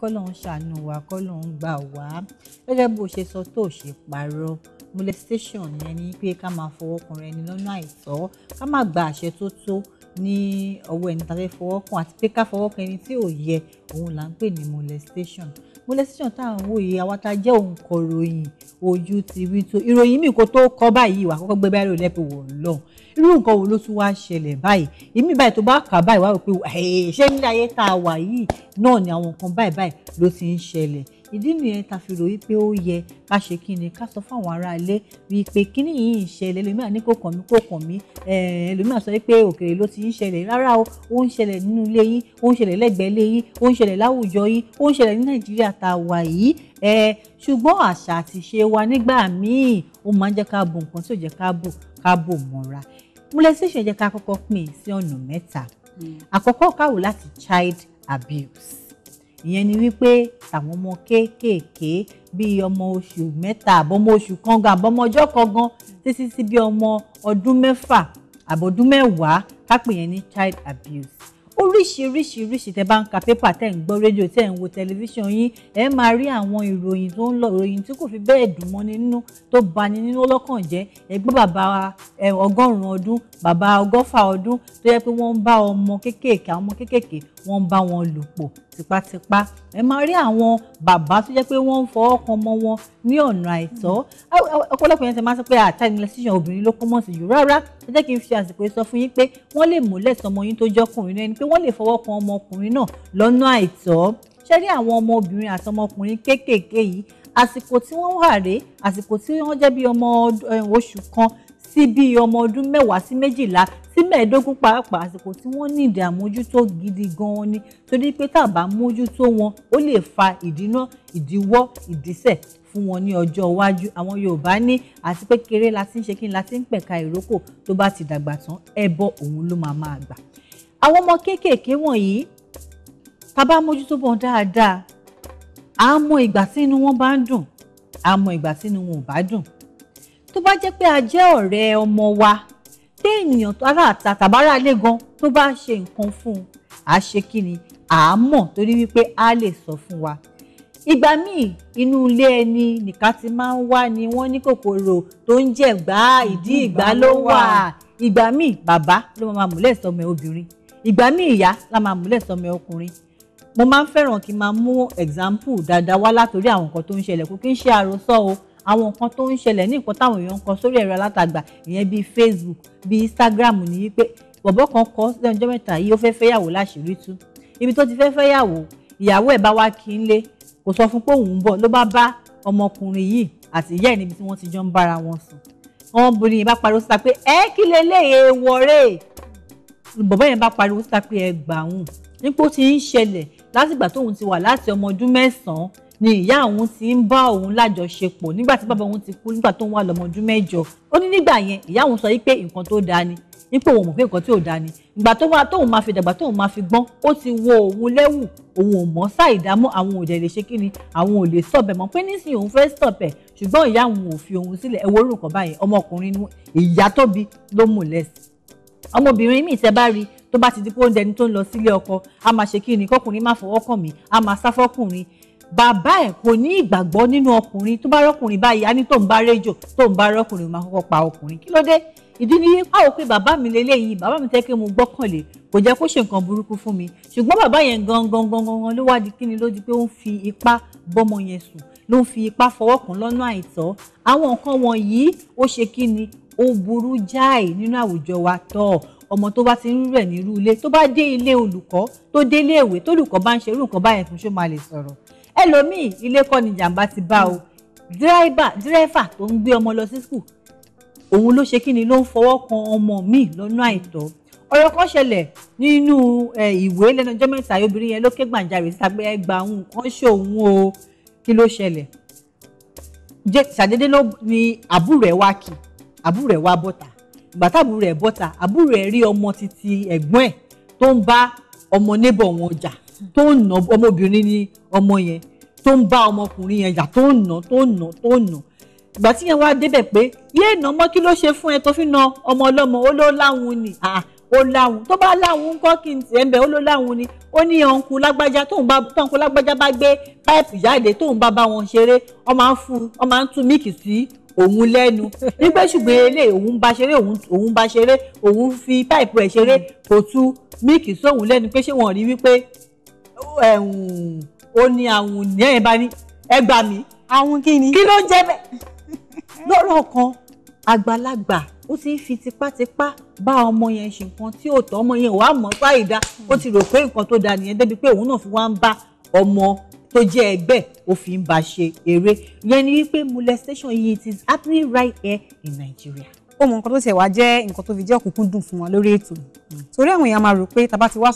kọ́lọ́hún ṣàánú wa kọ́lọ́hún gbà wá gẹ́gẹ́ bó ṣe sọ tó ṣe parọ́ molestation yẹn ni pé ká máa fọwọ́ kan ara ẹni lọ́nà àìtọ́ ká má gba àṣẹ tó tó ní ọwọ́ ẹni tàbí fọwọ́ àti pé ká fọwọ́ ẹni tí ò yẹ òun là ń pè ní molestation molestation tá à ń wò yìí àwa tá a jẹ́ òǹkọ̀ròyìn ojú ti wí tó ìròyìn mi kò tó kọ́ báyìí wà kọ́kọ́ gbé báyìí lẹ́pẹ̀ wò lọ́hùn irú nǹkan wo ló tún wá ṣẹlẹ̀ báyìí èmi báyìí tó bá kà báyìí wá rò pé ṣé nílé ayé tá a wà yìí náà ni àwọn nǹkan báyìí báyìí ló ti ń ṣẹlẹ̀ ìdí nìyẹn ta fi ròyìn pé ó yẹ ká ṣe kí ni ká sọ fáwọn ará ilé wípé kíní yìí ń ṣẹlẹ̀ ẹlòmíà ní kò kàn mí kò kàn mí ẹlòmíà sọ pé òkèèrè ló ti ń ṣẹlẹ̀ rárá o ó ń ṣẹlẹ̀ nínú ilé yín ó ń ṣẹlẹ̀ lẹ́gbẹ̀ẹ́ ilé yín ó ń ṣẹlẹ̀ láwùjọ yín ó ń ṣẹlẹ̀ ní nàìjíríà tá a wà yìí ṣùgbọ́n àṣà àti ṣe wa nígbà míì ó máa ń jẹ́ ká bù nǹkan tí ò jẹ́ ká bù ká bò mọ́ra molestation jẹ́ ká kọ́kọ́ pín sí ọ̀nà mẹ́ta hmm. àkọ́kọ́ káwò láti child abuse ìyẹn ni wípé àwọn ọmọ kéékèèké bíi ọmọ oṣù mẹ́ta àbọ̀mọ oṣù kan gan àbọ̀mọ ọjọ́ kan gan títí sí bí ọmọ ọdún mẹ́fà àbọ̀dún mẹ́wàá ká yẹn ní child abuse oríṣiríṣiríṣi tẹ́ bá ń ka pépà tẹ́ ń gbọ́ rédíò tẹ́ ń wo tẹlifíṣàn yín ẹ máa rí àwọn ìròyìn tó ń lọ ìròyìn tí kò fi bẹ́ẹ̀ dùn mọ́ nínú tó bani nínú lọ́kàn jẹ́ ẹ gbọ́ bàbá ọgọ́rùn-ún ọdún bàbá ọgọ́fà ọdún tó yẹ pé wọ́n ń bá ọmọ kéékèèké àwọn ọmọ kéékèèké wọ́n ń bá wọn lò pọ̀ tipátipá ẹ máa rí àwọn bàbá tó jẹ́ pé wọ́n ń fọwọ́ kan ọmọ wọn ní ọ̀nà àìtọ́ ọ̀pọ̀lọpọ̀ yẹn ti máa ń sọ pé àtàlẹ́síṣàn obìnrin ló kó mọ̀ sí jù rárá ẹ jẹ́ kí n fi àsìkò sọ fún yín pé wọ́n lè múlẹ̀ sọmọ yín tó jọ́kùnrin náà ẹni pé wọ́n lè fọwọ́ kan ọmọkùnrin náà lọ́nà àìtọ́ ṣé rí àwọn ọmọbìnrin àtọmọkùnrin kéékèèké yìí àsìkò tí wọ́n wà rèé àsìkò tí wọ́n jẹ́ bí ọmọ oṣù kan sí bí ọmọ ọdún mẹ́wàá sí méjìlá sí mẹ́ẹ̀ẹ́dógún pàápàá àsìkò tí wọ́n ní ìdí àmójútó gidi gan-an ni torí pé tá a bá mójútó wọn ó lè fa ìdínà ìdíwọ́ ìdísẹ̀ fún wọn ní ọjọ́ iwájú àwọn Yorùbá ní àti pé kéré la ti ń ṣe kí ni la ti ń pẹ̀ka ìrókò tó bá ti dàgbà tán ẹbọ òun ló máa máa gbà. àwọn ọmọ kéékèèké wọ̀nyí tá a bá mójútó wọn dáadáa àmọ́ ìgbà tí inú wọn bá ń dùn àmọ́ ìgbà tí inú wọn ò bá dùn tó bá jẹ́ pé a jẹ́ ọ̀rẹ́ ọmọ wa tẹ́ ènìyàn ará àta tàbárà lé gan tó bá ṣe nǹkan fún un à ṣe kí ni à mọ̀ torí wípé a lè sọ fún wa. ìgbà míì inú ilé ẹni nìka ti máa ń wá ni wọ́n ní kòkòrò tó ń jẹ̀gbá ìdí ìgbà ló wà ìgbà míì bàbá ló máa múlẹ̀ sọmọ obìnrin ìgbà míì ìyá la máa múlẹ̀ sọmọ ọkùnrin mo máa ń fẹ́ràn kí n máa mú example dáadáa wá látòrí àwọn nǹkan tó ń ṣẹlẹ̀ kó kí n ṣe àròsọ o àwọn nǹkan tó ń ṣẹlẹ̀ ní nǹkan táwọn èèyàn ń kọ sórí ẹ̀rọ alátagbà ìyẹn bíi Facebook bíi Instagram ní wípé bọ̀bọ̀ kan kọ sílẹ̀ ọjọ́ mẹ́ta yìí ó fẹ́ fẹ́yàwó láṣìírí tú ibi tó ti fẹ́ fẹ́yàwó ìyàwó ẹ̀ bá wá kí n lé kò sọ fún pé òun ń bọ̀ ló bá bá ọmọkùnrin yìí àti ìyá ẹ̀ níbi tí wọ́n ti jọ ń bára wọn sùn ọmọbìnrin yìí bá pariwo síta pé ẹ kí leléyè e, wọ̀rẹ́ bọ̀bọ̀ yẹn bá pariwo síta pé ẹ gbà wùn nípò tí ń ṣẹlẹ̀ látìgbà tóun ti wà láti ọmọ ọdún mẹ́sàn-án ni ìyá òun ti ń bá òun lájọṣepọ̀ nígbà tí bàbá òun ti kú nígbà tó ń wà lọ́mọ ọdún mẹ́jọ ó ní nígbà yẹn ìyá òun sọ yìí pé nǹkan tó dáa ni nípò òun mọ̀ pé nǹkan tí ò dáa ni ìgbà tó wà tóun máa fi dàgbà tóun máa fi gbọ́n ó ti wo òun lẹ́wù òun ò mọ̀ ṣáà ìdámọ́ àwọn ò dẹ̀ lè ṣe kíni àwọn ò lè sọ̀bẹ̀ mọ́ pé nísìnyí òun fẹ́ sọ̀bẹ̀ ṣùgbọ́n ìyá òun ò fi òun sílẹ̀ ẹ̀wọ́ orúkọ báyìí ọmọkùnrin ìyá tóbi ló mú lẹ́sìn ọmọbìnrin míì tẹ́ bá rí tó bá ti di pé ó ń dẹni tó ń lọ sílé ọkọ a máa ṣe kí ni kọkùnrin má fọwọ́ kàn mí a máa sá fọkùnrin bàbá ẹ̀ kò ní ìgbàgbọ́ nínú ọkùnrin tó bá rọ́kùnrin báyìí á ní tó ń bá rédíò tó ń bá rọ́kùnrin máa kọ́kọ́ pa ọkùnrin kí ló dé ìdí ni yín pàwọ́ pé bàbá mi lélẹ́yìí bàbá mi tẹ́kẹ́ mo gbọ́kànlé kò jẹ́ kó ṣe nǹkan burúkú fún mi ṣùgbọ́n bàbá yẹn gangan gangan ló wá di ni ló di pé ó ń fi ipá bọ́mọ yẹn sùn ló ń fi ipá fọwọ́ kàn lọ́nà àìtọ́ àwọn nǹkan wọ̀nyí ó ṣe kíni ó burú jáì nínú àwùjọ wa tọ́ ọmọ tó bá ti ń rẹ̀ nírú ilé tó bá dé ilé olùkọ́ tó délé ìwé tó olùkọ́ bá ń ṣerú nǹkan báyẹn fún ṣó máa lè sọ̀rọ̀ ẹlòmíì ilé kọ́ ni jàǹbá ti bá o dírẹ́fà tó ń gbé ọmọ lọ sí skul òun ló ṣe kí ni ló ń fọwọ́ kan ọmọ míì lọ́nà àìtọ́ ọ̀rọ̀ kan ṣẹlẹ̀ nínú ìwé lẹ́nu ọjọ́ mẹ́ta obìnrin yẹn ló ké gbàǹjarè síta pé ẹ gba òun kan ṣòun o kí ló ṣẹlẹ̀ ṣàdédé ló ni àbúrò ẹ̀ wá kì àbúrò ẹ̀ wá bọ́ta ìgbà tábùrò ẹ̀ bọ́ta àbúrò ẹ̀ rí ọmọ titi ẹ̀gbọ́n ẹ̀ tó ń bá ọmọ nébọ̀ wọn jà tó ń nà ọmọbìnrin ni ọmọ yẹn tó ń bá ọmọkùnrin yẹn jà tó ń nà tó ń nà tó ń nà ìgbà tí yẹn wá débẹ̀ pé yéè nà mọ́ kí ló ṣe fún ẹ tó fi na ọmọ ọlọ́mọ ó ló láwùn ni ó láwùn tó bá láwùn ńkọ́ kí n tiẹ̀ ń bẹ̀ ó ló láwùn ni ó ní ọ̀nkù lágbájá tóun bá tóun lágbájá bá gbé páìpù jáde tóun bá bá wọn ṣeré ọ máa ń fún ọ máa ń tú míìkì sí òun lẹ́nu nígbà ṣùgbọ́n ilé òun bá ṣeré òun bá ṣeré òun fi páìpù ẹ̀ ṣeré kò tú míìkì sóhun lẹ́nu pé ṣé wọ́n rí wípé ó ní àwọn ní ẹ̀yìn bá ní ẹ gbà mí. àwọn kí ni. kí ló ń jẹ bẹ́ẹ̀. lọ́rọ̀ kan àgbàlagbà ó ti ń fi tipátipá bá ọmọ yẹn ṣe nǹkan tí ò tọ́ ọmọ yẹn wàá mọ̀ báyìí dá ó ti rò pé nǹkan tó da nìyẹn débi pé òun náà fi wá ń bá ọmọ tó jẹ́ ẹgbẹ́ òfin bá ṣe eré yẹn ni wípé molestation yìí it is happening right here in Nigeria ó mọ nǹkan tó ṣe wá jẹ́ nǹkan tó fi jẹ́ òkùnkùn dùn fún wọn lórí ètò torí àwọn èèyàn máa rò pé tá bá ti wá